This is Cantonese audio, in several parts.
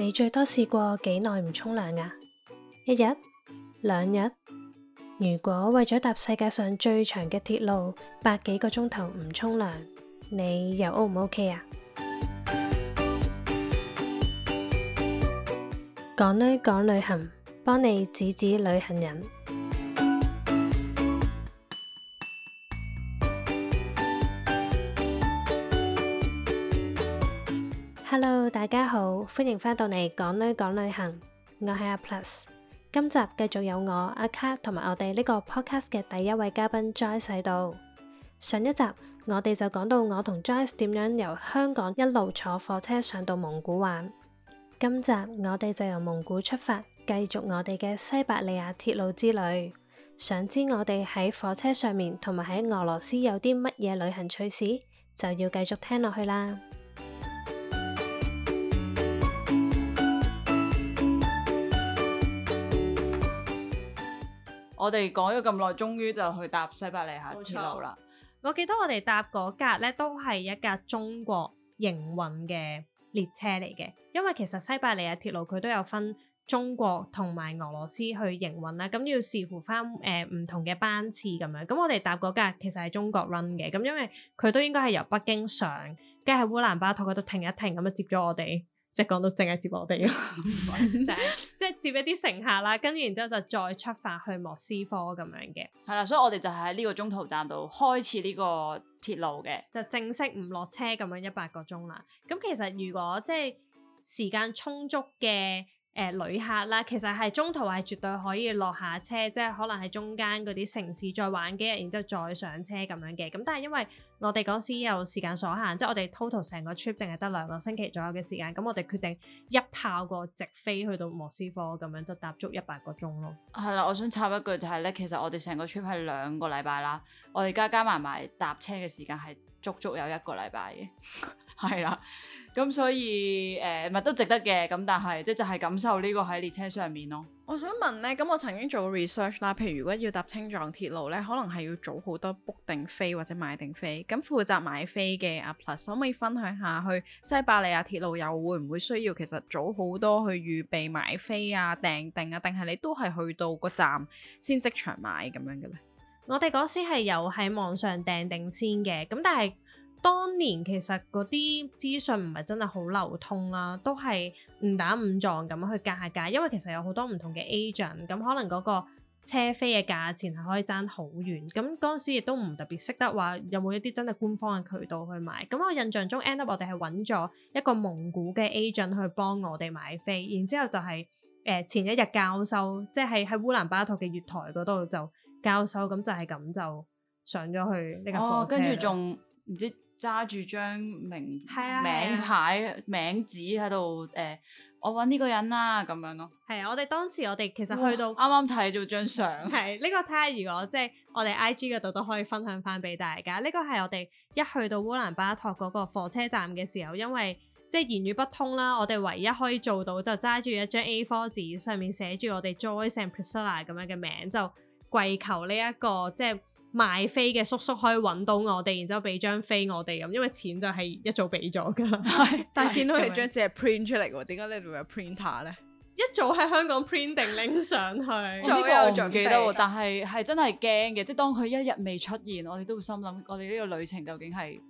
你最多試過幾耐唔沖涼啊？一日、兩日？如果為咗搭世界上最長嘅鐵路，百幾個鐘頭唔沖涼，你又 O 唔 OK 啊？講旅講旅行，幫你指指旅行人。Hello，大家好，歡迎返到嚟港女港旅行，我係阿 Plus。今集繼續有我阿卡同埋我哋呢個 podcast 嘅第一位嘉賓 Joyce 喺度。上一集我哋就講到我同 Joyce 點樣由香港一路坐火車上到蒙古玩。今集我哋就由蒙古出發，繼續我哋嘅西伯利亞鐵路之旅。想知我哋喺火車上面同埋喺俄羅斯有啲乜嘢旅行趣事，就要繼續聽落去啦。我哋講咗咁耐，終於就去搭西伯利亞鐵路啦。冇錯。我記得我哋搭嗰架咧，都係一架中國營運嘅列車嚟嘅，因為其實西伯利亞鐵路佢都有分中國同埋俄羅斯去營運啦。咁要視乎翻誒唔同嘅班次咁樣。咁我哋搭嗰架其實係中國 run 嘅，咁因為佢都應該係由北京上，跟住喺烏蘭巴托嗰度停一停，咁樣接咗我哋。即係講到淨係接我哋即係接一啲乘客啦，跟住然之後就再出發去莫斯科咁樣嘅，係啦，所以我哋就喺呢個中途站度開始呢個鐵路嘅，就正式唔落車咁樣一百個鐘啦。咁其實如果即係時間充足嘅誒、呃、旅客啦，其實係中途係絕對可以落下車，即係可能喺中間嗰啲城市再玩幾日，然之後再上車咁樣嘅。咁但係因為我哋嗰時有時間所限，即係我哋 total 成個 trip 淨係得兩個星期左右嘅時間，咁我哋決定一炮過直飛去到莫斯科，咁樣就搭足一百個鐘咯。係啦，我想插一句就係、是、咧，其實我哋成個 trip 係兩個禮拜啦，我哋加加埋埋搭車嘅時間係。足足有一個禮拜嘅，係 啦，咁所以誒，咪、呃、都值得嘅。咁但係即就係感受呢個喺列車上面咯。我想問呢，咁我曾經做過 research 啦，譬如如果要搭青藏鐵路呢，可能係要早好多 book 定飛或者買定飛。咁負責買飛嘅阿 Plus，可唔可以分享下，去西伯利亞鐵路又會唔會需要其實早好多去預備買飛啊、訂定啊，定係你都係去到個站先即場買咁樣嘅呢？我哋嗰時係有喺網上訂定先嘅，咁但係當年其實嗰啲資訊唔係真係好流通啦、啊，都係誤打誤撞咁去夾下價，因為其實有好多唔同嘅 agent，咁可能嗰個車飛嘅價錢係可以爭好遠。咁嗰時亦都唔特別識得話有冇一啲真係官方嘅渠道去買。咁我印象中 end up 我哋係揾咗一個蒙古嘅 agent 去幫我哋買飛，然之後就係、是、誒、呃、前一日交收即係喺烏蘭巴托嘅月台嗰度就。教授咁就係咁就上咗去呢架火車，跟住仲唔知揸住張名、啊、名牌名紙喺度誒，我搵呢個人啦、啊、咁樣咯。係我哋當時我哋其實去到啱啱睇咗張相，係呢、哦 這個睇下如果即係、就是、我哋 I G 嗰度都可以分享翻俾大家。呢個係我哋一去到烏蘭巴托嗰個火車站嘅時候，因為即係、就是、言語不通啦，我哋唯一可以做到就揸住一張 A4 紙上面寫住我哋 Joyce and Priscilla 咁樣嘅名就。跪求呢一個即係賣飛嘅叔叔可以揾到我哋，然之後俾張飛我哋咁，因為錢就係一早俾咗噶。 但見到佢張紙係 print 出嚟嘅喎，點解你度有 printer 咧？一早喺香港 print 定拎上去，呢個 我仲記得， 但係係真係驚嘅， 即係當佢一日未出現，我哋都會心諗，我哋呢個旅程究竟係。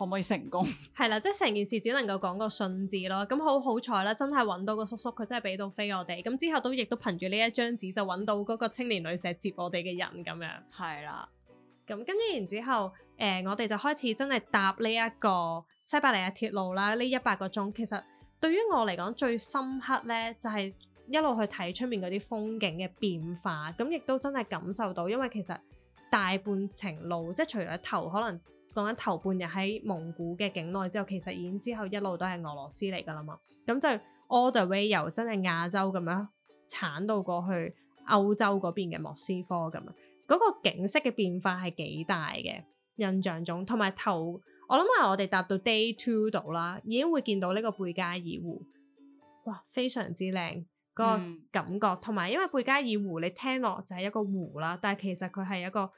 可唔可以成功？係 啦，即係成件事只能夠講個信字咯。咁好好彩啦，真係揾到個叔叔，佢真係俾到飛我哋。咁之後都亦都憑住呢一張紙就揾到嗰個青年旅社接我哋嘅人咁樣。係啦的，咁、嗯、跟住然之後，誒、呃，我哋就開始真係搭呢一個西伯利亞鐵路啦。呢一百個鐘，其實對於我嚟講最深刻呢，就係、是、一路去睇出面嗰啲風景嘅變化。咁亦都真係感受到，因為其實大半程路，即係除咗頭可能。講緊頭半日喺蒙古嘅境內之後，其實已經之後一路都係俄羅斯嚟噶啦嘛。咁就 all the way 由真係亞洲咁樣鏟到過去歐洲嗰邊嘅莫斯科咁樣。嗰、嗰個景色嘅變化係幾大嘅，印象中，同埋頭我諗係我哋搭到 day two 度啦，已經會見到呢個貝加爾湖哇，非常之靚，嗰個感覺。同埋、嗯、因為貝加爾湖你聽落就係一個湖啦，但係其實佢係一個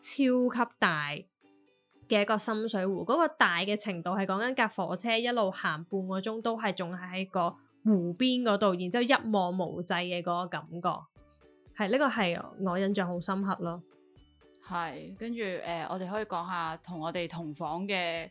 超級大。嘅一個深水湖，嗰個大嘅程度係講緊架火車一路行半個鐘都係仲係喺個湖邊嗰度，然之後一望無際嘅嗰個感覺，係呢個係我印象好深刻咯。係，跟住誒，我哋可以講下同我哋同房嘅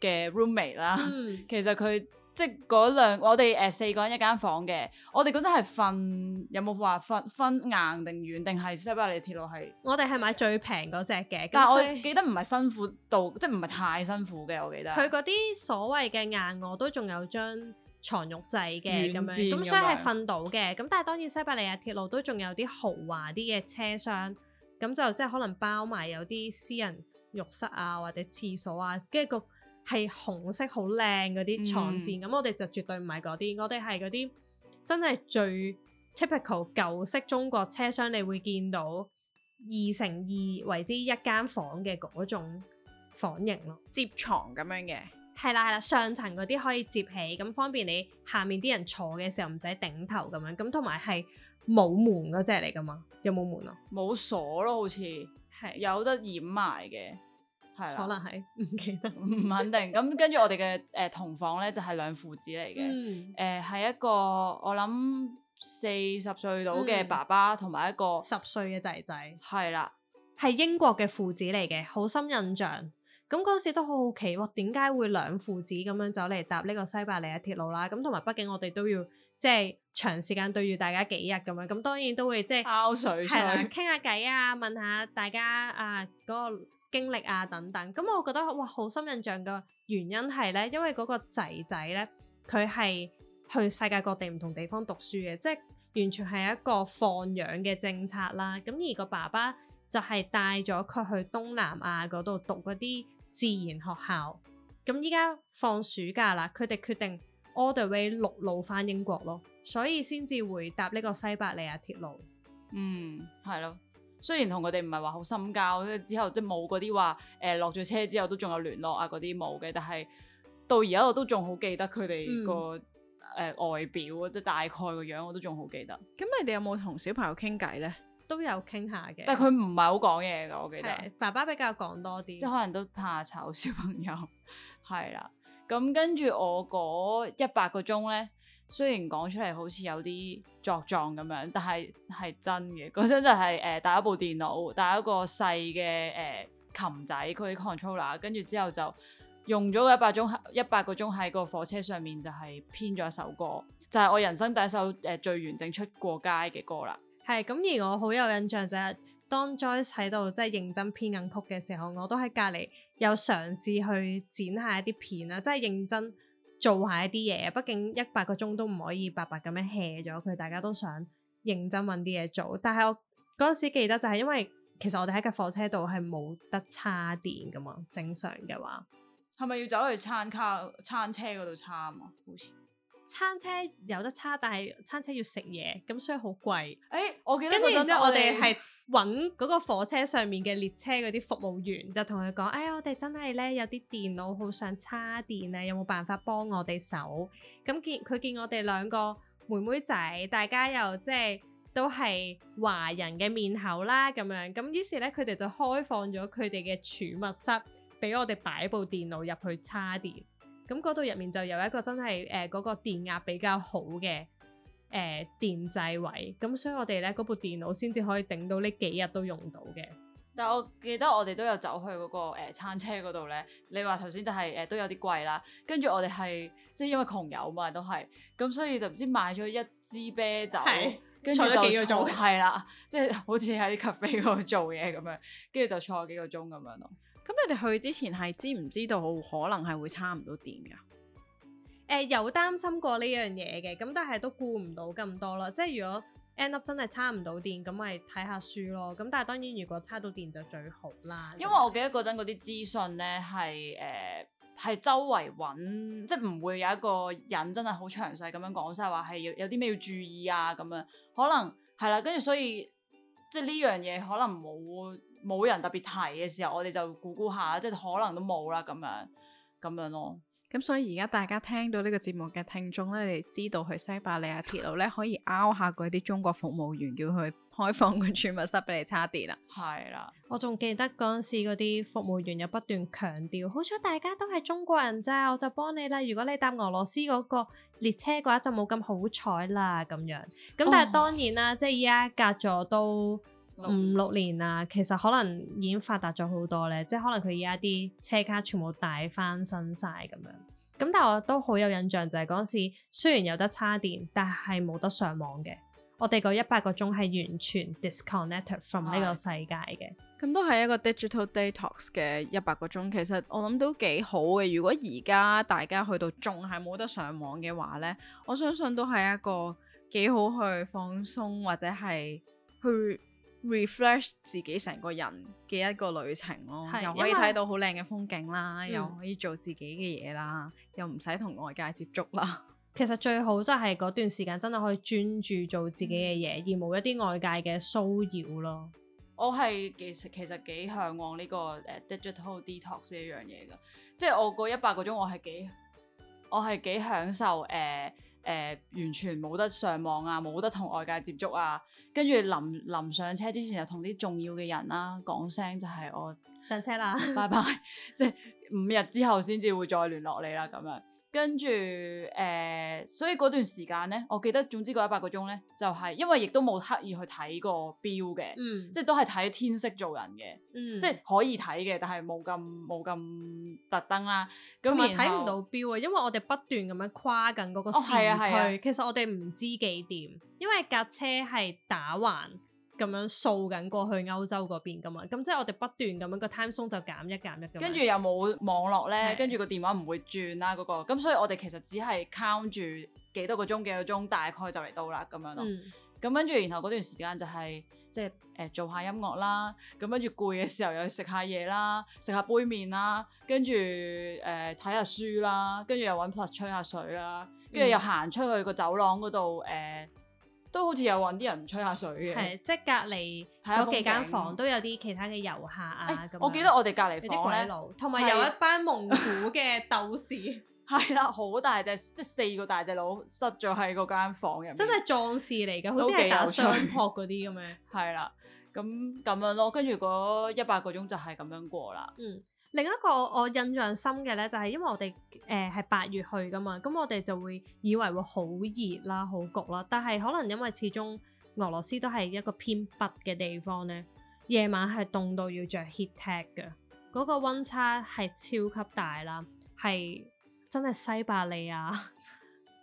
嘅 roommate 啦。嗯，其實佢。即係嗰兩我哋誒四個人一間房嘅，我哋嗰陣係瞓有冇話瞓分硬定軟定係西伯利亞鐵路係？我哋係買最平嗰隻嘅，但我記得唔係辛苦度，即係唔係太辛苦嘅，我記得。佢嗰啲所謂嘅硬我都仲有張床褥仔嘅咁樣，咁所以係瞓到嘅。咁的但係當然西伯利亞鐵路都仲有啲豪華啲嘅車廂，咁就即係可能包埋有啲私人浴室啊或者廁所啊，跟住個。係紅色好靚嗰啲牀墊，咁、嗯、我哋就絕對唔係嗰啲，我哋係嗰啲真係最 typical 舊式中國車廂，你會見到二乘二為之一間房嘅嗰種房型咯，摺牀咁樣嘅，係啦係啦，上層嗰啲可以摺起，咁方便你下面啲人坐嘅時候唔使頂頭咁樣，咁同埋係冇門嗰隻嚟㗎嘛，有冇門啊？冇鎖咯，好似係的有得掩埋嘅。係啦，可能係唔記得，唔肯 定。咁 跟住我哋嘅誒同房咧，就係、是、兩父子嚟嘅。誒係、嗯呃、一個我諗四十歲到嘅爸爸，同埋、嗯、一個十歲嘅仔仔。係啦的，係英國嘅父子嚟嘅，好深印象。咁嗰陣時都好奇喎，點解會兩父子咁樣走嚟搭呢個西伯利亞鐵路啦？咁同埋畢竟我哋都要即係長時間對住大家幾日咁樣，咁當然都會即係溝水，係啦，傾下偈啊，問下大家啊嗰個。經歷啊，等等，咁我覺得哇，好深印象嘅原因係呢，因為嗰個仔仔呢，佢係去世界各地唔同地方讀書嘅，即係完全係一個放養嘅政策啦。咁而個爸爸就係帶咗佢去東南亞嗰度讀嗰啲自然學校。咁依家放暑假啦，佢哋決定 all the way 陸路翻英國咯，所以先至會搭呢個西伯利亞鐵路。嗯，係咯。雖然同佢哋唔係話好深交，即之後即係冇嗰啲話，誒落咗車之後都仲有聯絡啊，嗰啲冇嘅，但係到而家我都仲好記得佢哋個，誒外表，即大概個樣我都仲好記得。咁、嗯、你哋有冇同小朋友傾偈咧？都有傾下嘅，但係佢唔係好講嘢嘅，我記得。爸爸比較講多啲，即係可能都怕醜小朋友，係 啦。咁跟住我嗰一百個鐘咧。雖然講出嚟好似有啲作狀咁樣，但係係真嘅。嗰陣就係誒帶一部電腦，帶一個細嘅誒琴仔，佢 controller，跟住之後就用咗一百鐘，一百個鐘喺個火車上面就係編咗一首歌，就係、是、我人生第一首誒、呃、最完整出過街嘅歌啦。係咁，而我好有印象就係、是、當 Joyce 喺度即係認真編緊曲嘅時候，我都喺隔籬有嘗試去剪下一啲片啦，即係認真。做一啲嘢，畢竟一百個鐘都唔可以白白咁樣 hea 咗佢，大家都想認真揾啲嘢做。但係我嗰陣時記得就係因為其實我哋喺架火車度係冇得插電噶嘛，正常嘅話係咪要走去餐卡餐車嗰度插啊？好似、哎。餐車有得叉，但係餐車要食嘢，咁所以好貴。誒、欸，我記得。跟住之後，我哋係揾嗰個火車上面嘅列車嗰啲服務員就，就同佢講，誒，我哋真係咧有啲電腦好想叉電啊，有冇辦法幫我哋手？咁見佢見我哋兩個妹妹仔，大家又即係都係華人嘅面口啦，咁樣。咁於是咧，佢哋就開放咗佢哋嘅儲物室，俾我哋擺部電腦入去叉電。咁嗰度入面就有一個真係誒嗰個電壓比較好嘅誒、呃、電掣位，咁所以我哋咧嗰部電腦先至可以頂到呢幾日都用到嘅。但係我記得我哋都有走去嗰、嗰個、呃、餐車嗰度咧，你話頭先就係誒都有啲貴啦，跟住我哋係即係因為窮遊嘛，都係咁，所以就唔知買咗一支啤酒，跟住是坐咗幾個鐘，係啦， 即係好似喺咖啡嗰度做嘢咁樣，跟住就坐幾個鐘咁樣咯。咁你哋去之前係知唔知道可能係會差唔到電噶？誒、呃，有擔心過呢樣嘢嘅，咁但係都顧唔到咁多啦。即係如果 end up 真係差唔到電，咁咪睇下書咯。咁但係當然，如果差到電就最好啦。因為我記得嗰陣嗰啲資訊咧係誒係周圍搵，即係唔會有一個人真係好詳細咁樣講，晒係話係有有啲咩要注意啊咁樣，可能係啦。跟住所以即係呢樣嘢可能冇。冇人特別提嘅時候，我哋就估估下，即係可能都冇啦咁樣，咁樣咯。咁所以而家大家聽到呢個節目嘅聽眾咧，你知道去西伯利亞鐵路咧可以拗下嗰啲中國服務員，叫佢開放個儲物室俾你插電啊。係啦，我仲記得嗰陣時嗰啲服務員又不斷強調，好彩大家都係中國人咋，我就幫你啦。如果你搭俄羅斯嗰個列車嘅話，就冇咁好彩啦咁樣。咁但係當然啦，即係依家隔咗都五六年啊，其實可能已經發達咗好多咧，即係可能佢而家啲車卡全部大翻新晒咁樣。咁但係我都好有印象就係嗰陣時，雖然有得叉電，但係冇得上網嘅。我哋個一百個鐘係完全 disconnect from 呢的個世界嘅。咁都係一個 digital detox 嘅一百個鐘，其實我諗都幾好嘅。如果而家大家去到仲係冇得上網嘅話咧，我相信都係一個幾好去放鬆或者係去 refresh 自己成個人嘅一個旅程咯，是又可以睇到好靚嘅風景啦，為又可以做自己嘅嘢啦，嗯、又唔使同外界接觸啦。其實最好真係嗰段時間真係可以專注做自己嘅嘢，嗯、而冇一啲外界嘅騷擾咯。我係其實其實幾向往呢、呢個誒、uh, digital detox 呢樣嘢㗎，即、就、係、是、我個一百個鐘我係幾我係幾享受誒。Uh, 誒、呃、完全冇得上網啊，冇得同外界接觸啊，跟住臨臨上車之前，就同啲重要嘅人啦講聲就，就係我上車啦，拜拜， 即係五日之後先至會再聯絡你啦，咁樣。跟住誒、呃，所以嗰段時間咧，我記得總之嗰一百個鐘咧，就係、是、因為亦都冇刻意去睇過表嘅，嗯、即係都係睇天色做人嘅，嗯、即係可以睇嘅，但係冇咁冇咁特登啦。咁埋睇唔到表啊，因為我哋不斷咁樣跨緊嗰個時區，哦啊啊啊、其實我哋唔知幾點，因為架車係打橫。咁樣掃緊過去歐洲嗰邊噶嘛，咁即係我哋不斷咁樣個 time zone 就減一減一，跟住又冇網絡咧，是的 跟住個電話唔會轉啦、啊、嗰、那個，咁所以我哋其實只係 count 住幾多個鐘，幾個鐘，大概就嚟到啦咁樣咯。咁、嗯、跟住然後嗰段時間就係即係誒做下音樂啦，咁跟住攰嘅時候又食下嘢啦，食下杯麪啦，跟住誒睇下書啦，跟住又玩 plus 吹下水啦，跟住又行出去個走廊嗰度誒。呃嗯嗯都好似有搵啲人唔吹下水嘅，係即係隔籬有幾間房都有啲其他嘅遊客啊咁。欸、樣我記得我哋隔離房咧，同埋有,有,有一班蒙古嘅鬥士，係啦的，好 大隻，即係四個大隻佬塞咗喺嗰間房入。真係壯士嚟噶，好似打雙撲嗰啲咁樣。係啦，咁 咁樣咯，跟住嗰一百個鐘就係咁樣過啦。嗯。另一個我印象深嘅咧，就係因為我哋誒係八月去噶嘛，咁我哋就會以為會好熱啦，好焗啦。但係可能因為始終俄羅斯都係一個偏北嘅地方咧，夜晚係凍到要着 HEATTECH 嘅，嗰、嗰個溫差係超級大啦，係真係西伯利亞，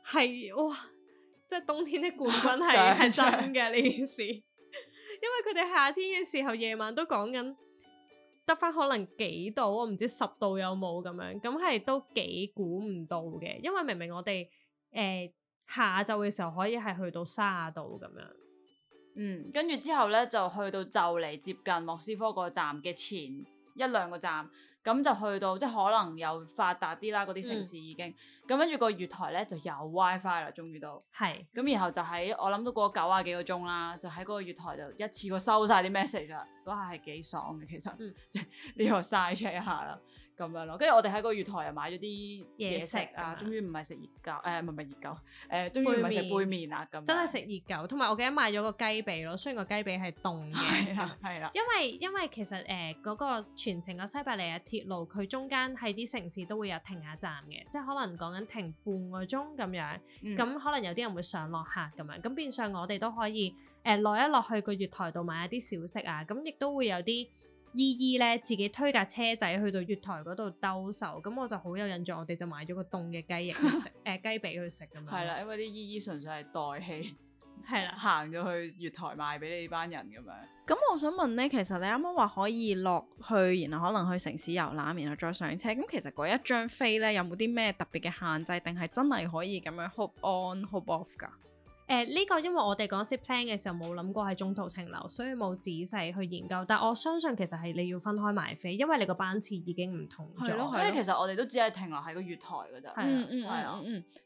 係哇，即係冬天啲冠軍係係 真嘅呢件事， 因為佢哋夏天嘅時候夜晚都講緊，得翻可能幾度，我唔知十度有冇咁樣，咁係都幾估唔到嘅，因為明明我哋誒、呃、下晝嘅時候可以係去到三十度咁樣，嗯，跟住之後咧就去到就嚟接近莫斯科個站嘅前一兩個站。咁就去到即係可能又發達啲啦，嗰啲城市已經咁。跟住個月台咧就有 WiFi 啦，終於都係咁，是然後就喺我諗都過九啊幾個鐘啦，就喺嗰個月台就一次過收晒啲 message 啦，嗰下係幾爽嘅其實，即係呢個嘥咗一下啦。咁樣咯，跟住我哋喺個月台又買咗啲嘢食啊，食終於唔係食熱狗，誒唔係唔係熱狗，誒、呃、麵終於唔係食杯麪啊咁，真係食熱狗，同埋我記得買咗個雞髀咯，雖然個雞髀係凍嘅，係啦，因為因為其實誒嗰、呃那個全程嘅西伯利亞鐵路，佢中間係啲城市都會有停下站嘅，即係可能講緊停半個鐘咁樣，咁、嗯、可能有啲人會上落客咁樣，咁變相我哋都可以誒落、呃、一落去個月台度買一啲小食啊，咁亦都會有啲。姨姨咧，自己推架車仔去到月台嗰度兜售，咁我就好有印象。我哋就買咗個凍嘅雞翼去食，誒、 呃、雞髀去食咁樣。係啦，因為啲姨姨純粹係代氣，係啦，行咗去月台賣俾你呢班人咁樣。咁我想問咧，其實你啱啱話可以落去，然後可能去城市遊覽，然後再上車。咁其實嗰一張飛咧有冇啲咩特別嘅限制，定係真係可以咁樣 hop on hop off 㗎？誒呢、呃呢個因為我哋講 set plan 嘅時候冇諗過喺中途停留，所以冇仔細去研究。但我相信其實係你要分開買飛，因為你個班次已經唔同咗，所以了了其實我哋都只係停留喺個月台嗰度。係啊係啊，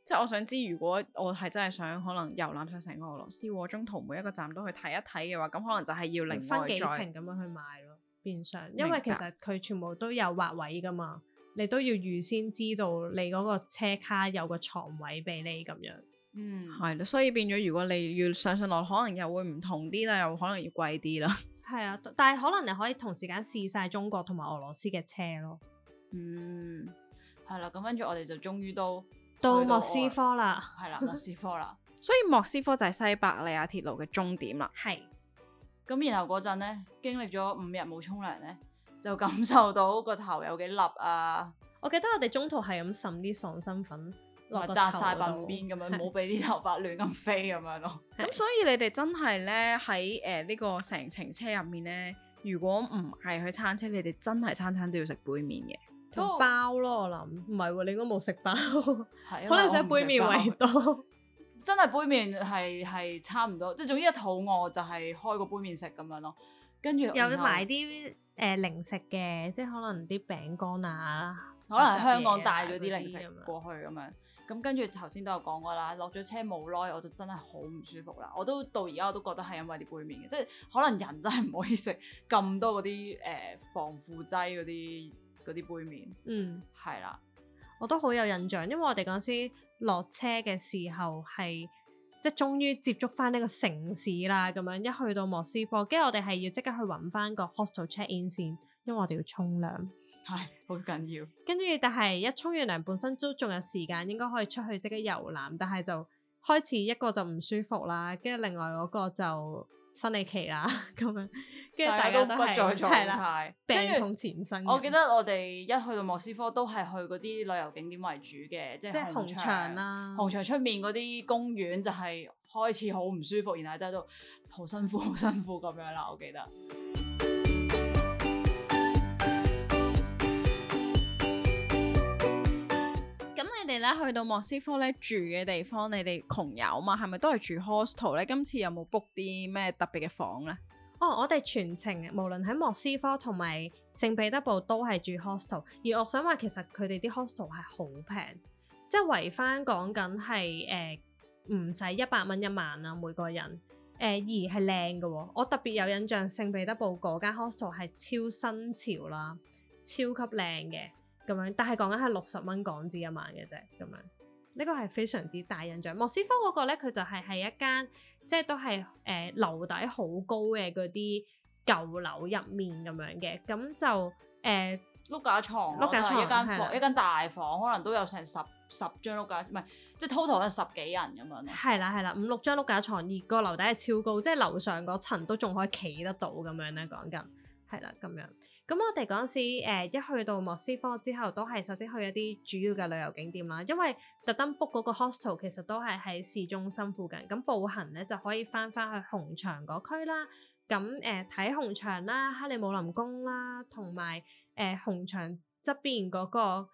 即係我想知，如果我係真係想可能遊覽曬成個俄羅斯，喎中途每一個站都去睇一睇嘅話，咁可能就係要另外分幾程咁樣去買咯，變相因為其實佢全部都有劃位噶嘛，你都要預先知道你嗰個車卡有個床位俾你咁樣。嗯，係咯，所以變咗如果你要上上落，可能又會唔同啲啦，又可能要貴啲啦。係啊，但係可能你可以同時間試晒中國同埋俄羅斯嘅車咯。嗯，係啦，咁跟住我哋就終於都到，到莫斯科啦，係啦了，了莫斯科啦。 科 所以莫斯科就係西伯利亞鐵路嘅終點啦。係的。咁然後嗰陣咧，經歷咗五日冇沖涼咧，就感受到個頭有幾笠啊！ 我記得我哋中途係咁滲啲爽身粉。或紮曬鬢邊咁樣，唔好俾啲頭髮亂咁飛咁是樣咯。咁是所以你哋真係咧喺誒呢、呃呢個成程車入面咧，如果唔係去餐車，你哋真係餐餐都要食杯麵嘅，同我包咯。我諗唔係喎，你都冇食包，啊、可能食杯麵為多。真係、 就是、杯麵係係差唔多，即係總之一肚餓就係開個杯麵食咁樣咯。跟住有買啲誒零食嘅，即係可能啲餅乾啊，可能，可能香港帶咗啲零食過去咁樣。咁跟住頭先都有講過啦，落咗車冇耐我就真係好唔舒服啦，我都到而家我都覺得係因為啲杯麪嘅，即係可能人真係唔可以食咁多嗰啲誒防腐劑嗰啲啲杯麪。嗯，係啦，我都好有印象，因為我哋嗰時落車嘅時候係即係終於接觸翻呢個城市啦，咁樣一去到莫斯科，跟住我哋係要即刻去揾翻個 hostel check in 先，因為我哋要沖涼。係好緊要，跟住但係一沖完涼本身都仲有時間，應該可以出去即刻遊覽，但係就開始一個就唔舒服啦，跟住另外嗰個就生理期啦，咁樣，跟住大家都係病痛纏身。我記得我哋一去到莫斯科都係去嗰啲旅遊景點為主嘅，即係紅場啦，紅場出、啊、面嗰啲公園就係開始好唔舒服，然後都好辛苦，好辛苦咁樣啦，我記得。你哋咧去到莫斯科咧，住嘅地方，你哋窮遊嘛，係咪都係住 hostel 咧？今次有冇 book 啲咩特別嘅房咧？哦，我哋全程無論喺莫斯科同埋聖彼得堡都係住 hostel，而我想話其實佢哋啲 hostel 係好平，即係圍翻講緊係誒唔使一百蚊一晚啊每個人誒、呃、而係靚嘅喎，我特別有印象聖彼得堡嗰間 hostel 係超新潮啦，超級靚嘅。咁樣，但係講緊係六十蚊港紙一晚嘅啫，咁樣呢個係非常之大印象。莫斯科嗰個咧，佢就係係一間即係都係誒樓底好高嘅嗰啲舊樓入面咁樣嘅，咁就誒碌架床，碌架床，一間房，一間大房，可能都有成十十張碌架，唔係即係 total 有十幾人咁樣。係啦，係啦，五六張碌架床，而個樓底係超高，即係樓上嗰層都仲可以企得到咁樣咧。講緊係啦，咁樣。咁我哋嗰陣時、呃、一去到莫斯科之後，都係首先去一啲主要嘅旅遊景點啦。因為特登 book 嗰個 hostel，其實都係喺市中心附近，咁步行咧就可以翻翻去紅場嗰區啦。咁誒睇紅場啦、哈利姆林宮啦，同埋誒紅場側邊嗰個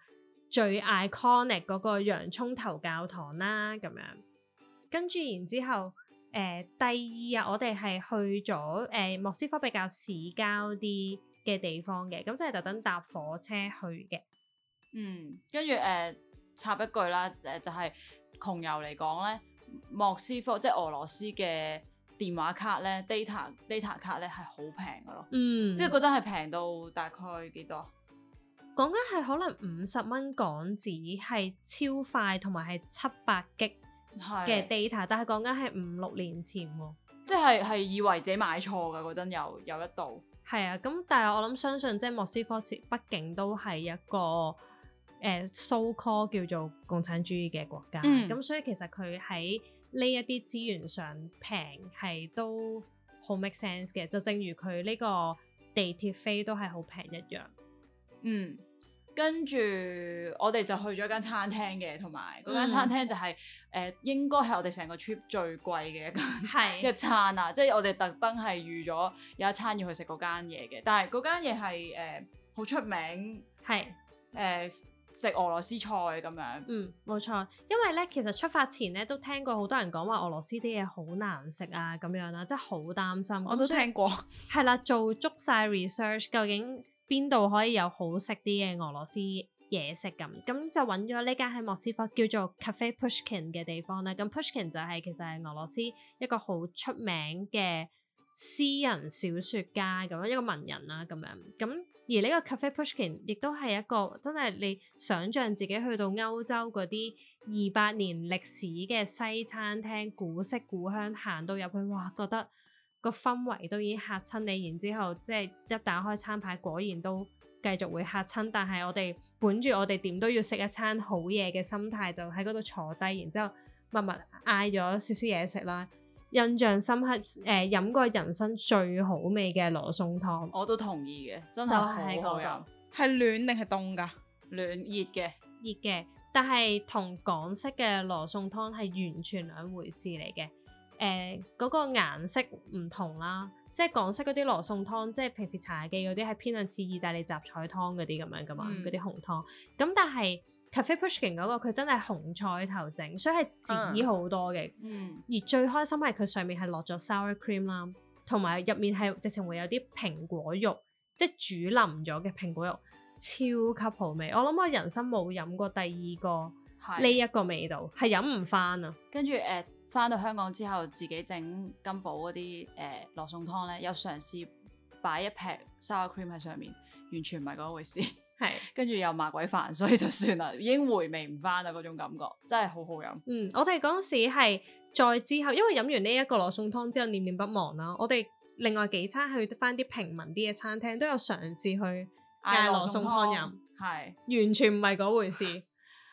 最 iconic 嗰個洋葱頭教堂啦，咁樣。跟住然之後，誒、呃、第二日我哋係去咗誒、呃、莫斯科比較市郊啲。嘅地方嘅，咁即係特登搭火車去嘅。嗯，跟住誒插一句啦，誒就係、是、窮遊嚟講咧，莫斯科即係俄羅斯嘅電話卡咧，data data 卡咧係好平㗎咯。嗯，即係嗰陣係平到大概幾多？講緊係可能五十蚊港紙係超快同埋係七百 G 嘅 data，是但係講緊係五六年前喎。即係係以為自己買錯㗎嗰陣，有有一度。係啊，咁但係我諗相信，即係莫斯科市，畢竟都係一個誒 so call 叫做共產主義嘅國家，咁、嗯、所以其實佢喺呢一啲資源上平係都好 make sense 嘅，就正如佢呢個地鐵飛都係好平一樣，嗯。跟住我哋就去咗一間餐廳嘅，同埋嗰間餐廳就係、是、誒、嗯呃、應該係我哋成個 trip 最貴嘅一個是 一餐啦，即係我哋特登係預咗有一餐要去食嗰間嘢嘅，但係嗰間嘢係誒好出名，係誒食俄羅斯菜咁樣。嗯，冇錯，因為咧其實出發前咧都聽過好多人講話俄羅斯啲嘢好難食啊咁樣啦，即係好擔心。我都聽，聽過。係啦， 做足晒 research，究竟。邊度可以有好食啲嘅俄羅斯嘢食咁？咁就揾咗呢間喺莫斯科叫做 Cafe Pushkin 嘅地方啦。咁 Pushkin 就係其實係俄羅斯一個好出名嘅私人小説家，咁樣一個文人啦咁樣。咁而呢個 Cafe Pushkin 亦都係一個真係你想象自己去到歐洲嗰啲二百年歷史嘅西餐廳，古色古香，行到入去哇覺得～個氛圍都已經嚇親你，然之後即係一打開餐牌，果然都繼續會嚇親。但係我哋本住我哋點都要食一餐好嘢嘅心態，就喺嗰度坐低，然之後默默嗌咗少少嘢食啦。印象深刻誒，呃、飲過人生最好味嘅羅宋湯，我都同意嘅，真係好，就係嗰個，好飲。係暖定係凍㗎？暖熱嘅，熱嘅，但係同港式嘅羅宋湯係完全兩回事嚟嘅。誒嗰、呃那個顏色唔同啦，即係港式嗰啲羅宋湯，即係平時茶記嗰啲係偏向似意大利雜菜湯嗰啲咁樣噶嘛，嗰啲、嗯、紅湯。咁但係 Cafe Pushkin 嗰、那個佢真係紅菜頭整，所以係紫好多嘅、嗯。嗯。而最開心係佢上面係落咗 sour cream 啦，同埋入面係直情會有啲蘋果肉，即係煮腍咗嘅蘋果肉，超級好味。我諗我人生冇飲過第二個呢一是個味道，係飲唔翻啊。跟住誒。呃翻到香港之後，自己整金寶嗰啲誒羅宋湯咧，有嘗試擺一撇 sour cream 喺上面，完全唔係嗰回事。係跟住又麻鬼煩，所以就算啦，已經回味唔翻啦嗰種感覺，真係好好飲。嗯，我哋嗰陣時係再之後，因為飲完呢一個羅宋湯之後念念不忘啦。我哋另外幾餐去翻啲平民啲嘅餐廳，都有嘗試去嗌羅宋湯飲，係是完全唔係嗰回事。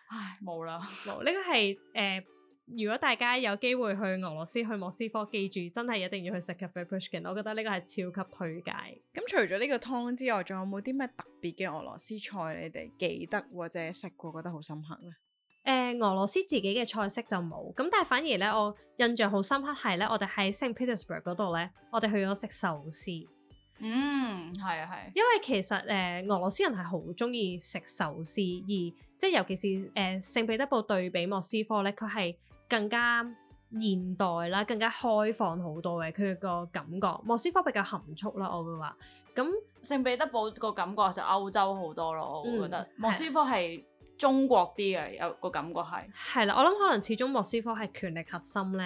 唉，冇啦，冇呢個係誒。呃如果大家有機會去俄羅斯去莫斯科，記住真係一定要去食 Cafe Pushkin，我覺得呢個係超級推介。咁、嗯、除咗呢個湯之外，仲有冇啲咩特別嘅俄羅斯菜你哋記得或者食過覺得好深刻咧？誒、呃，俄羅斯自己嘅菜式就冇，咁但係反而咧，我印象好深刻係咧，我哋喺 Saint Petersburg 嗰度咧，我哋去咗食壽司。嗯，係啊係啊。因為其實誒、呃、俄羅斯人係好中意食壽司，而即係尤其是誒、呃、聖彼得堡對比莫斯科咧，佢係。更加現代啦，更加開放好多嘅佢個感覺。莫斯科比較含蓄啦，我會話。咁聖彼得堡個感覺就歐洲好多咯，我會覺得莫斯科係中國啲嘅，有個感覺係。係啦，我諗可能始終莫斯科係權力核心咧，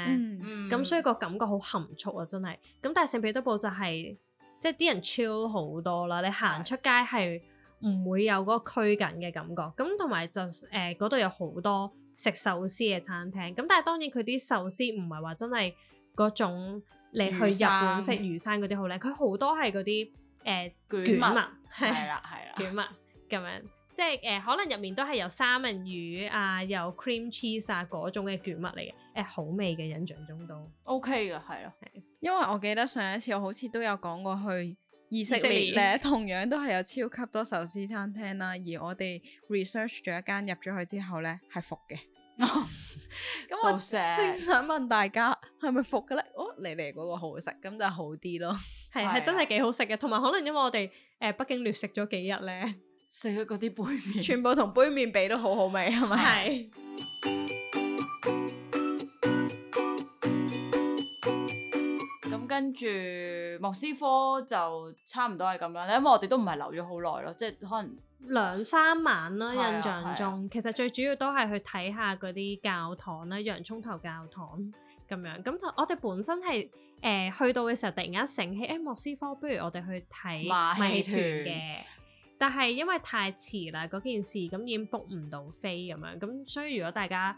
咁、嗯、所以個感覺好含蓄啊，真係。咁但係聖彼得堡就係即係啲人 chill 好多啦，你行出街係唔會有嗰個拘謹嘅感覺。咁同埋就誒嗰度有好多食壽司嘅餐廳，咁但係當然佢啲壽司唔係話真係嗰種你去日本食魚，魚生嗰啲好靚，佢好多係嗰啲誒卷物，係啦係啦卷物咁 樣，即係誒、呃、可能入面都係有三文魚啊、有 cream cheese 啊嗰種嘅卷物嚟嘅，誒、呃、好味嘅印象中都 OK 嘅，係咯，是因為我記得上一次我好似都有講過去。而以色列咧，同樣都係有超級多壽司餐廳啦。 而我哋 research 咗一間入咗去之後咧，係服嘅。咁 我正想問大家，係咪 服嘅咧？哦，你嚟嗰個好食，咁就好啲咯。係係真係幾好食嘅，同埋是、啊、可能因為我哋誒、呃、北京略食咗幾日咧，食咗嗰啲杯麪，全部同杯麪比都好好味，係咪？跟住莫斯科就差唔多係咁啦，因為我哋都唔係留咗好耐咯，即係可能兩三晚咯。印象中，啊啊、其實最主要都係去睇下嗰啲教堂啦，洋蔥頭教堂咁樣。咁我哋本身係誒、呃、去到嘅時候，突然間醒起，誒莫斯科不如我哋去睇馬戲團嘅。但係因為太遲啦，嗰件事咁已經 book 唔到飛咁樣。咁所以如果大家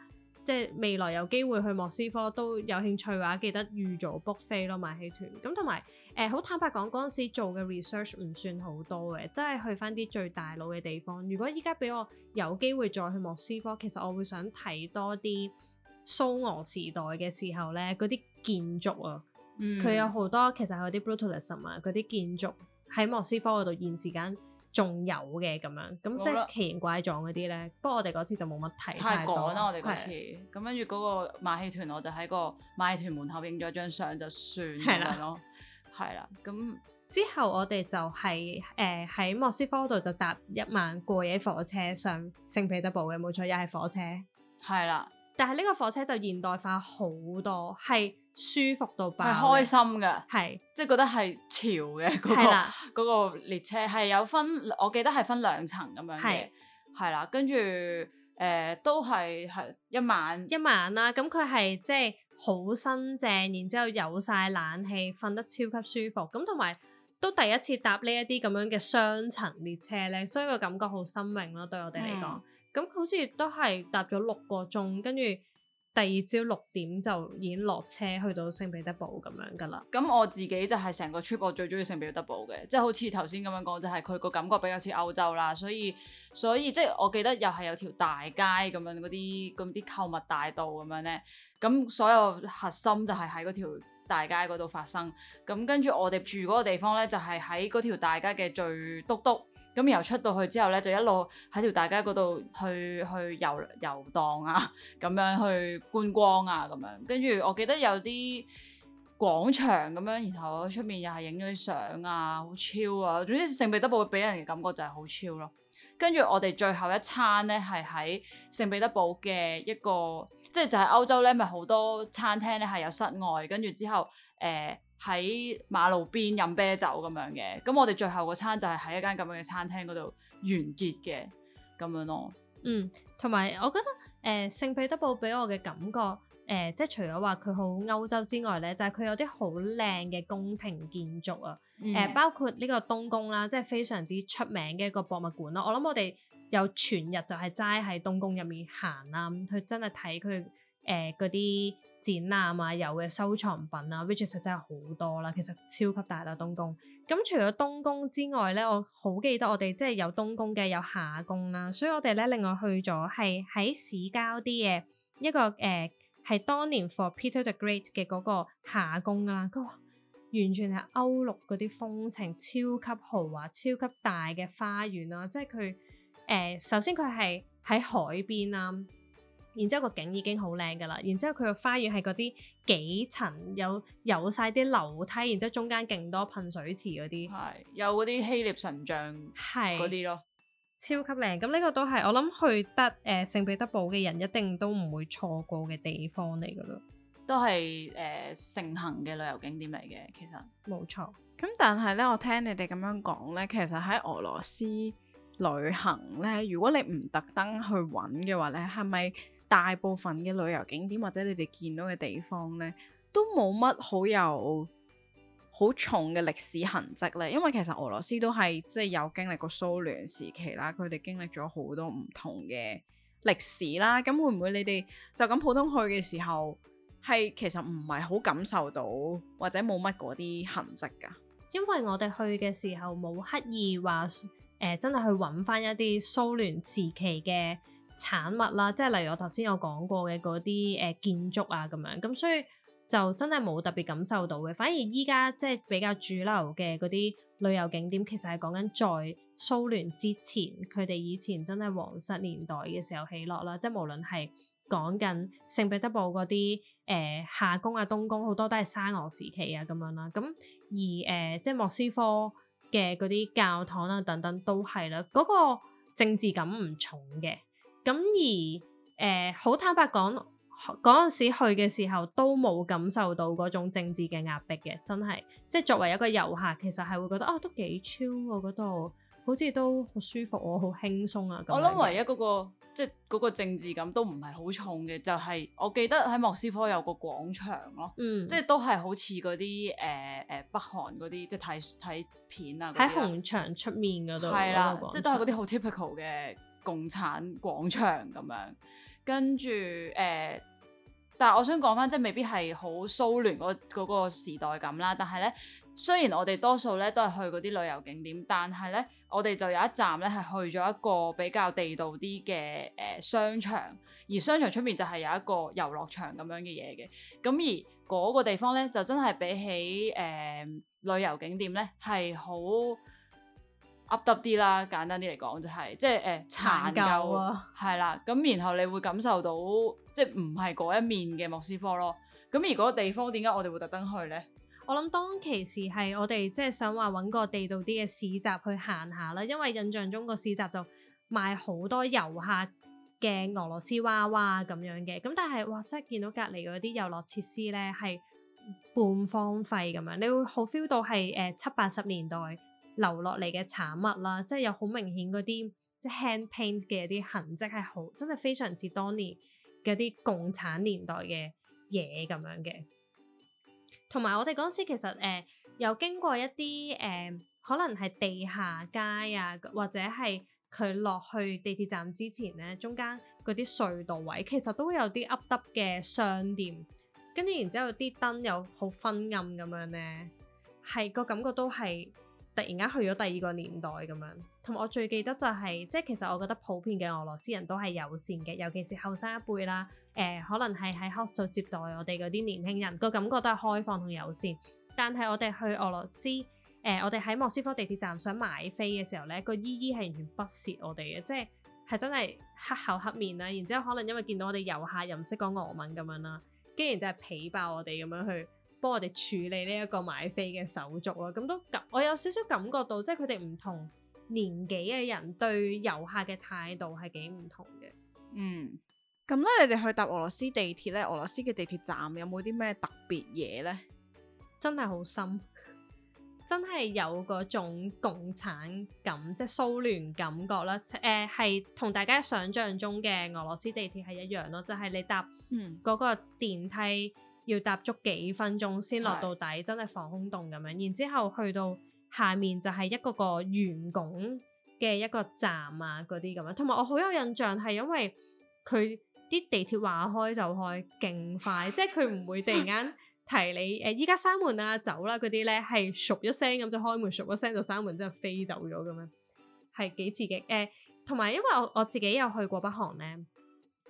即係未來有機會去莫斯科都有興趣話、啊，記得預早 book 飛咯，買飛團。咁同埋誒，好、呃、坦白講，嗰陣時做嘅 research 唔算好多嘅，都係去翻啲最大佬嘅地方。如果依家俾我有機會再去莫斯科，其實我會想睇多啲蘇俄時代嘅時候咧嗰啲建築啊，佢、嗯、有好多其實係啲 brutalism 啊嗰啲建築喺莫斯科嗰度延續緊。仲有嘅咁樣，咁吧即係奇形怪狀嗰啲咧。不過我哋嗰次就冇乜睇太多。太趕啦！我哋嗰次，咁跟住嗰個馬戲團，我就喺個馬戲團門口影咗張相就算咁樣咯。係啦的，咁的之後我哋就係誒喺莫斯科度就搭一晚過夜火車上聖彼得堡嘅，冇錯，又係火車。係啦的，但係呢個火車就現代化好多，係。舒服到爆，係開心嘅，係是即係覺得係潮嘅嗰、那個、的 個列車，係有分，我記得係分兩層咁樣嘅，係啦的，跟住誒、呃、都係係一晚一晚啦、啊，咁佢係即係好新淨，然之後有晒冷氣，瞓得超級舒服，咁同埋都第一次搭呢一啲咁樣嘅雙層列車咧，所以個感覺好新穎咯，對我哋嚟講，咁、嗯、好似都係搭咗六個鐘，跟住。第二朝六點就已經落車去到聖彼得堡咁樣㗎啦，咁我自己就係成個 trip 我最中意聖彼得堡嘅，即係好似頭先咁樣講，就係佢個感覺比較似歐洲啦，所以所以即係、就是、我記得又係有條大街咁樣嗰啲咁啲購物大道咁樣咧，咁所有核心就係喺嗰條大街嗰度發生，咁跟住我哋住嗰個地方咧就係喺嗰條大街嘅最篤篤。咁然後出到去之後咧，就一路喺條大街嗰度去去遊遊蕩啊，咁樣去觀光啊，咁樣。跟住我記得有啲廣場咁樣，然後出面又係影咗啲相啊，好 chill 啊！總之聖彼得堡俾人嘅感覺就係好 chill 咯。跟住我哋最後一餐咧，係喺聖彼得堡嘅一個，即係就係歐洲咧，咪好多餐廳咧係有室外，跟住之後誒，呃喺馬路邊飲啤酒咁樣嘅，咁我哋最後個餐就係喺一間咁樣嘅餐廳嗰度完結嘅咁樣咯。嗯，同埋我覺得誒、呃、聖彼得堡俾我嘅感覺誒、呃，即係除咗話佢好歐洲之外咧，就係、是、佢有啲好靚嘅宮廷建築啊。誒、嗯呃，包括呢個冬宮啦，即、就、係、是、非常之出名嘅一個博物館咯。我諗我哋有全日就係齋喺冬宮入面行啊，去真係睇佢誒嗰啲。呃展覽啊，有嘅收藏品啊 which 其實真係好多啦，其實超級大啦東宮。咁除咗東宮之外呢，我好記得我哋即係有東宮嘅，有夏宮啦，所以我哋呢，另外去咗係喺市郊啲嘅一個誒係、呃、當年 for Peter the Great 嘅嗰個夏宮啦。佢完全係歐陸嗰啲風情，超級豪華、超級大嘅花園啦、啊，即係佢誒首先佢係喺海邊啦、啊。然之後個景已經好靚噶啦，然之後佢個花園係嗰啲幾層有有曬啲樓梯，然之後中間勁多噴水池嗰啲，係有嗰啲希臘神像是，係嗰啲咯，超級靚。咁呢個都係我諗去得誒聖彼得堡嘅人一定都唔會錯過嘅地方嚟噶咯，都係誒盛行嘅旅遊景點嚟嘅，其實冇錯。咁錯但係咧，我聽你哋咁樣講咧，其實喺俄羅斯旅行咧，如果你唔特登去揾嘅話咧，係咪？大部分嘅旅遊景點或者你哋見到嘅地方呢，都冇乜好有好重嘅歷史痕跡咧。因為其實俄羅斯都係即係有經歷過蘇聯時期啦，佢哋經歷咗好多唔同嘅歷史啦。咁會唔會你哋就咁普通去嘅時候，係其實唔係好感受到或者冇乜嗰啲痕跡㗎？因為我哋去嘅時候冇刻意話誒、呃，真係去揾翻一啲蘇聯時期嘅。產物啦，即係例如我頭先有講過嘅嗰啲誒建築啊，咁樣咁，所以就真係冇特別感受到嘅。反而依家即係比較主流嘅嗰啲旅遊景點，其實係講緊在蘇聯之前佢哋以前真係皇室年代嘅時候起落啦。即係無論係講緊聖彼得堡嗰啲誒夏宮啊、冬、呃、宮，好多都係沙俄時期啊咁樣啦。咁而誒、呃、即係莫斯科嘅嗰啲教堂啊等等都係啦。嗰、嗰個政治感唔重嘅。咁而誒好、呃、坦白講，嗰陣時去嘅時候都冇感受到嗰種政治嘅壓迫嘅，真係即係作為一個遊客，其實係會覺得啊，都幾 chill 啊嗰度，好似都好舒服喎，好輕鬆啊！我諗唯一嗰、嗰個、嗰個、即係嗰個政治感都唔係好重嘅，就係、係、我記得喺莫斯科有個廣場咯，嗯，即係都係好似嗰啲誒誒北韓嗰啲即係睇睇片啊，喺紅場出面嗰度係啦，即係都係嗰啲好 typical 嘅。共產廣場咁樣，跟住誒、呃，但係我想講返，即係未必係好蘇聯嗰嗰個時代咁啦。但係呢，雖然我哋多數呢都係去嗰啲旅遊景點，但係呢，我哋就有一站呢係去咗一個比較地道啲嘅誒商場，而商場出面就係有一個遊樂場咁樣嘅嘢嘅。咁而嗰個地方呢，就真係比起誒、呃、旅遊景點呢，係好，噏耷啲啦，簡單啲嚟講就係、是、即係誒、呃、殘舊，係啦舊、啊。咁然後你會感受到即係唔係嗰一面嘅莫斯科咯。咁而嗰個地方點解我哋會特登去呢？我諗當其時係我哋即係想話揾個地道啲嘅市集去行下啦，因為印象中個市集就賣好多遊客嘅俄羅斯娃娃咁樣嘅。咁但係哇，即係見到隔離嗰啲遊樂設施呢，係半荒廢咁樣，你會好 feel 到係誒七八十年代。留落嚟嘅產物啦，即係有好明顯嗰啲即係 hand paint 嘅一啲痕跡，係好真係非常似當年嘅一啲共產年代嘅嘢咁樣嘅。同埋我哋嗰時其實誒、呃、有經過一啲誒、呃、可能係地下街啊，或者係佢落去地鐵站之前咧，中間嗰啲隧道位其實都會有啲 up up 嘅商店，跟住然之後啲燈又好昏暗咁樣咧，係、個感覺都係，突然間去咗第二個年代咁樣，同埋我最記得就係、是，即係其實我覺得普遍嘅俄羅斯人都係友善嘅，尤其是後生一輩啦，誒、呃、可能係喺 hostel 接待我哋嗰啲年輕人，個感覺都係開放同友善。但係我哋去俄羅斯，誒、呃、我哋喺莫斯科地鐵站想買飛嘅時候咧，個姨姨係完全不屑我哋嘅，即係係真係黑口黑面啦、啊。然之後可能因為見到我哋遊客又唔識講俄文咁樣啦，竟然就係皮爆我哋咁樣去。幫我哋處理呢一個買飛嘅手續咯，咁都感我有少少感覺到，即係佢哋唔同年紀嘅人對遊客嘅態度係幾唔同嘅。嗯，咁咧你哋去搭俄羅斯地鐵咧，俄羅斯嘅地鐵站有冇啲咩特別嘢咧？真係好深，真係有嗰種共產感，即係蘇聯感覺啦。誒、呃，係同大家想像中嘅俄羅斯地鐵係一樣咯，就係、是、你搭嗰個電梯。嗯要搭足幾分鐘先落到底，的真係防空洞咁樣。然之後去到下面就係一個個圓拱嘅一個站啊，嗰啲咁樣。同埋我好有印象係因為佢啲地鐵話開就開，勁快， 即係佢唔會突然間提你誒依家閂門啦、啊、走啦嗰啲咧，係熟一聲咁就開門，熟一聲就閂門，之後飛走咗咁樣，係幾刺激誒。同、呃、埋因為我我自己有去過北韓咧。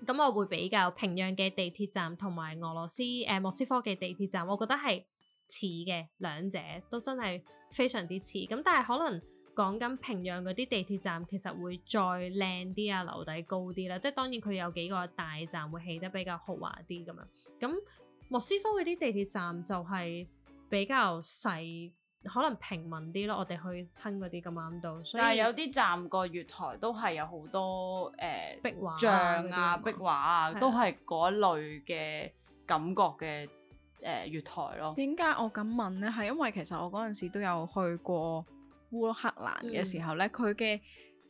咁我會比較平壤嘅地鐵站同埋俄羅斯誒、呃、莫斯科嘅地鐵站，我覺得係似嘅，兩者都真係非常之似。咁但係可能講緊平壤嗰啲地鐵站其實會再靚啲啊，樓底高啲啦，即係當然佢有幾個大站會起得比較豪華啲咁樣。咁莫斯科嗰啲地鐵站就係比較細。可能平民啲咯，我哋去親嗰啲咁啱到，但係有啲站個月台都係有好多誒壁畫啊、壁畫啊，畫啊的都係嗰類嘅感覺嘅誒、呃、月台咯。點解我咁問呢？係因為其實我嗰陣時都有去過烏克蘭嘅時候呢，佢嘅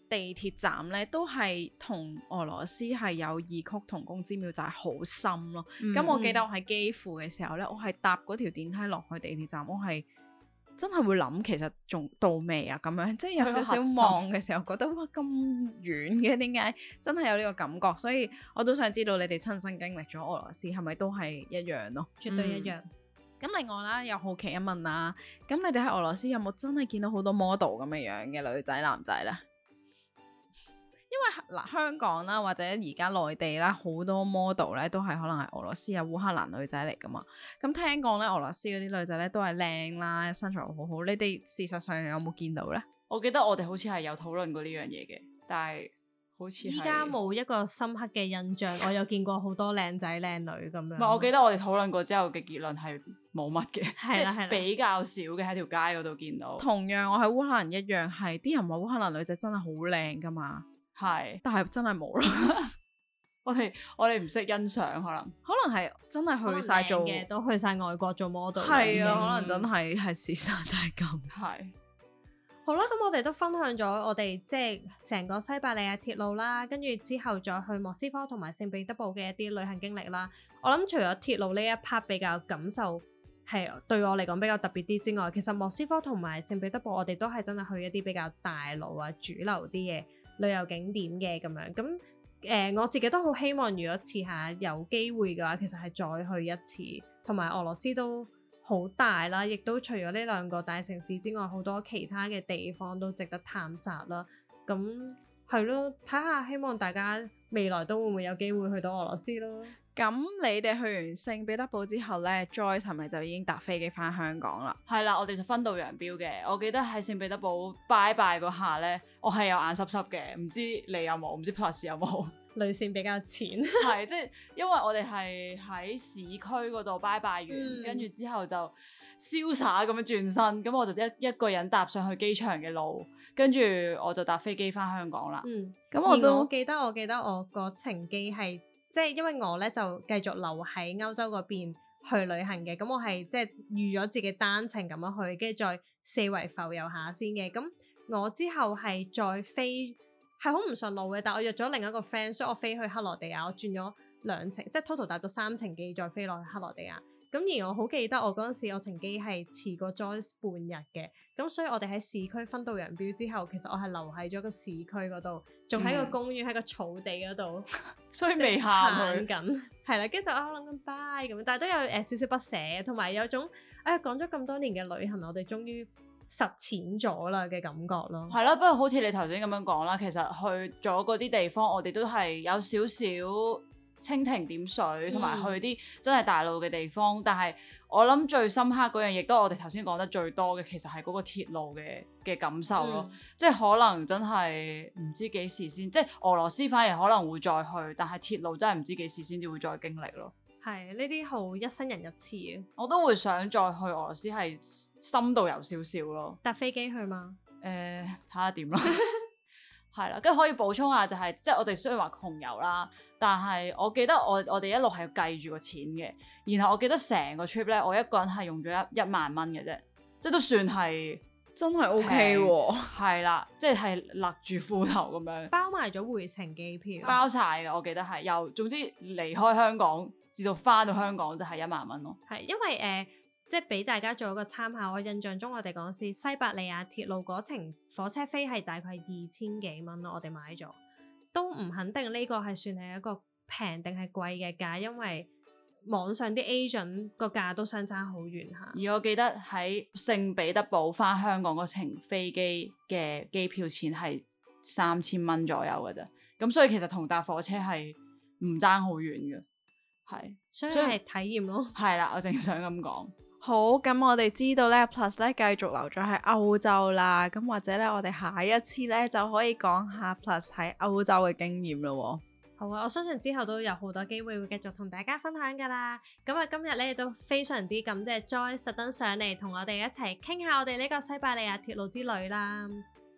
地鐵站呢，都係同俄羅斯係有異曲同工之妙，就係好深咯。咁、嗯嗯、我記得我喺基輔嘅時候呢，我係搭嗰條電梯落去地鐵站，我係。真係會諗，其實仲到未啊？咁樣即係有少少望嘅時候，覺得哇咁遠嘅，點解真係有呢個感覺？所以我都想知道你哋親身經歷咗俄羅斯，係咪都係一樣咯？絕對一樣。咁、嗯、另外啦，又好奇一問啦，咁你哋喺俄羅斯有冇真係見到好多 model 咁樣樣嘅女仔男仔呢？因為嗱，香港啦，或者而家內地啦，好多 model 咧，都係可能係俄羅斯啊、烏克蘭女仔嚟噶嘛。咁、嗯、聽講咧，俄羅斯嗰啲女仔咧都係靚啦，身材好好。你哋事實上有冇見到咧？我記得我哋好似係有討論過呢樣嘢嘅，但係好似依家冇一個深刻嘅印象。 我有見過好多靚仔靚女咁樣。我記得我哋討論過之後嘅結論係冇乜嘅， 係啦 即係比較少嘅喺條街嗰度見到。同樣我喺烏克蘭一樣係，啲人話烏克蘭女仔真係好靚噶嘛。係，是但係真係冇咯。我哋我哋唔識欣賞，可能可能係真係去晒做嘢，都去晒外國做 model 係啊。嗯、可能真係係事實，真係咁係。是好啦，咁我哋都分享咗我哋即係成個西伯利亞鐵路啦，跟住之後再去莫斯科同埋聖彼得堡嘅一啲旅行經歷啦。我諗除咗鐵路呢一 part 比較感受係對我嚟講比較特別啲之外，其實莫斯科同埋聖彼得堡我哋都係真係去一啲比較大路啊，主流啲嘢。旅遊景點嘅咁樣，咁誒、呃、我自己都好希望，如果次下有機會嘅話，其實係再去一次。同埋俄羅斯都好大啦，亦都除咗呢兩個大城市之外，好多其他嘅地方都值得探索啦。咁係咯，睇下希望大家未來都會唔會有機會去到俄羅斯咯。咁你哋去完聖彼得堡之後呢，Joyce 係咪就已經搭飛機翻香港啦？係啦，我哋就分道揚鑣嘅。我記得喺聖彼得堡拜拜嗰下呢。我係有眼濕濕嘅，唔知你有冇？唔知 Pat 是有冇？淚線比較淺， 係即係因為我哋係喺市區嗰度拜拜完，跟住、嗯、之後就瀟灑咁樣轉身，咁我就一一個人搭上去機場嘅路，跟住我就搭飛機翻香港啦。嗯，咁我都記得，我記得我個程機係即係因為我咧就繼續留喺歐洲嗰邊去旅行嘅，咁我係即係預咗自己單程咁樣去，跟住再四圍浮遊下先嘅，咁。我之後係再飛係好唔順路嘅，但我約咗另一個 friend，所以我飛去克羅地亞，我轉咗兩程，即係 total 達到三程機再飛落去克羅地亞。咁而我好記得我嗰陣時，我程機係遲過 Joyce 半日嘅。咁所以我哋喺市區分道揚鑣之後，其實我係留喺咗個市區嗰度，仲喺、嗯、個公園喺個草地嗰度，嗯、 所以未下緊。係啦， 跟 住、 嗯、我諗緊 bye 咁樣，但係都有誒少少不捨。同埋有種誒講咗咁多年嘅旅行，我哋終於～實踐咗啦嘅感覺咯，係咯、嗯，不過好似你頭先咁樣講啦，其實去咗嗰啲地方，我哋都係有少少蜻蜓點水，同埋去啲真係大陸嘅地方。但係我諗最深刻嗰樣，亦都我哋頭先講得最多嘅，其實係嗰個鐵路嘅嘅感受咯。即係、嗯、可能真係唔知幾時先，即係俄羅斯反而可能會再去，但係鐵路真係唔知幾時先至會再經歷咯。係呢啲好一生人一次啊！我都會想再去俄羅斯，係深度遊少少咯。搭飛機去嘛？誒、呃，睇下點咯。係啦，跟住可以補充下、就係，就係即係我哋雖然話窮遊啦，但係我記得我我哋一路係要計住個錢嘅。然後我記得成個 trip 咧，我一個人係用咗一一萬蚊嘅啫，即係都算係真係是 OK 喎的。係啦， 即係係勒住褲頭咁樣。包埋咗回程機票，包晒嘅。我記得係又總之離開香港。至到翻到香港就係一萬蚊咯。係因為誒、呃，即係俾大家做一個參考。我印象中我講，我哋講係西伯利亞鐵路嗰程火車飛係大概二千幾蚊咯。我哋買咗都唔肯定呢個係算係一個平定係貴嘅價，因為網上啲 agent 個價都相差好遠嚇。而我記得喺聖彼得堡翻香港嗰程飛機嘅機票錢係三千蚊左右嘅啫。咁所以其實同搭火車係唔爭好遠嘅。係，對所以係體驗咯。係啦，我正想咁講。好，咁我哋知道咧，Plus 咧繼續留咗喺歐洲啦。咁或者咧，我哋下一次咧就可以講下 Plus 喺歐洲嘅經驗啦。好啊，我相信之後都有好多機會會繼續同大家分享噶啦。咁啊，今日咧都非常之感謝 Joyce 特登上嚟同我哋一齊傾下我哋呢個西伯利亞鐵路之旅啦。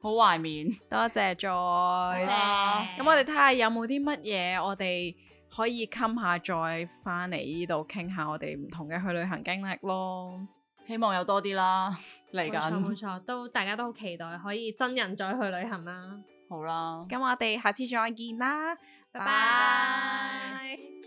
好懷念，多謝 Joyce。好啊。咁我哋睇下有冇啲乜嘢我哋。可以襟下再翻嚟呢度傾下我哋唔同嘅去旅行經歷咯，希望有多啲啦。嚟緊冇錯，都大家都好期待可以真人再去旅行啦。好啦，咁我哋下次再見啦，拜拜 bye。Bye bye